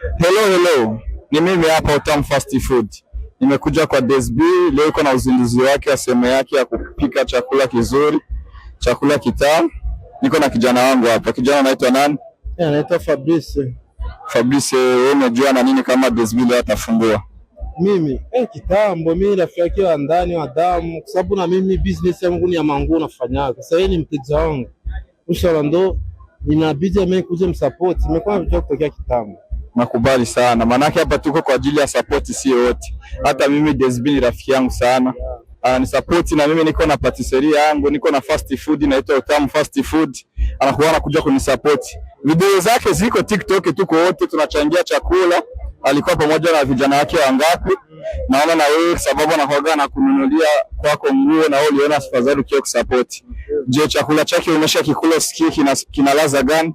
Hello, hello, ni mimi hapa Utam Fast Food. Nimekuja kwa DSB leo, iko na uzinduzi wake wa sehemu yake ya kupika chakula kizuri, chakula kitamu. Niko na kijana wangu hapa. Kijana anaitwa nani? Anaitwa Fabrice. Fabrice, wewe unajua na nini kama DSB leo atafungua? Mimi eh, kitambo mimi rafiki yake wa ndani wa damu, kwa sababu na mimi business yangu ni ya manguo nafanya. Sasa yeye ni mteja wangu, Usha ndo inabidi amekuja msupport. imekuwa vitu kutokea kitambo nakubali sana, maanake hapa tuko kwa ajili ya sapoti, sio wote. Hata mimi Desbili rafiki yangu sana ananisapoti ah, na mimi niko na patiseria yangu, niko na fast food inaitwa Utamu fast food, anakuwa anakuja kunisapoti. Video zake ziko TikTok, tuko wote tunachangia chakula. Alikuwa pamoja na vijana wake wangapi? Naona na wewe sababu anakuaga na kununulia kwako nguo, na wewe uliona afadhali ukiwa kusapoti. Je, chakula chake umesha kikula, usikie kinalaza kina gani?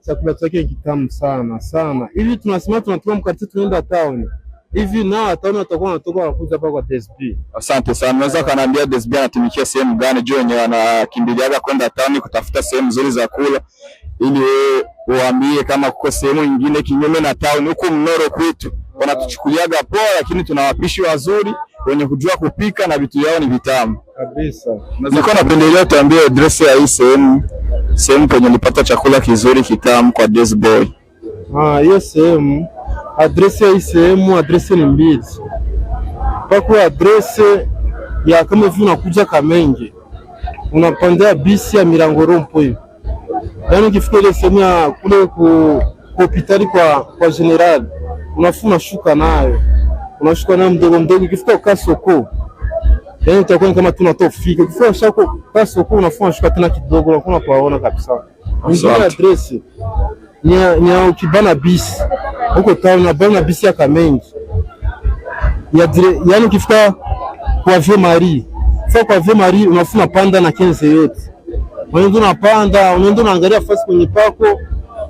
chakula chake kitamu sana sana hivi. Tunasema tunatoka mkati tunaenda town hivi, na town watakuwa wanatoka wanakuja hapa kwa DSB. Asante sana. Unaweza kaniambia DSB anatumikia sehemu gani, juu wenyewe anakimbiliaga kwenda town kutafuta sehemu nzuri za kula, ili wewe uambie kama kuko sehemu nyingine kinyume na town. Huku mnoro kwetu wanatuchukuliaga poa, lakini tuna wapishi wazuri wenye kujua kupika na vitu yao ni vitamu kabisa. Nilikuwa napendelea tuambie address ya hii sehemu sehemu penye nilipata chakula kizuri kitamu kwa this Boy. Ah, hiyo sehemu adresi ya hii sehemu adresi ni mbili, pako adresi ya kama hivi unakuja Kamenge unapandia bisi ya Mirangoro hiyo, yaani ukifika ile sehemu ya kule ku hospitali kwa kwa general unafuna shuka nayo unashuka nayo mdogo mdogo, ukifika ukasoko Yaani utakuwa ni kama tu unatoa fika. Ukifika shako basi uko unafanya shuka tena kidogo unakuwa unapaona kabisa. Ndio address. Ni ni ukibana bis. Huko town na bana bis ya Kamengi. Ya dire, yaani ukifika kwa Vie Marie. Sasa kwa Vie Marie unafuna panda na kenze yote. Unaenda unapanda, unaenda unaangalia fasi kwenye pako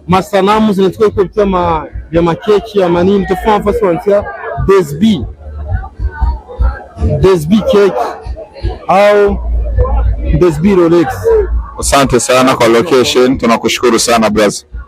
masanamu zinatoka kwa ma ya makeki ya manini, tofauti fasi wantia desbi Desbi Cake au Desbi Rolex. Asante sana kwa location, tunakushukuru sana brother.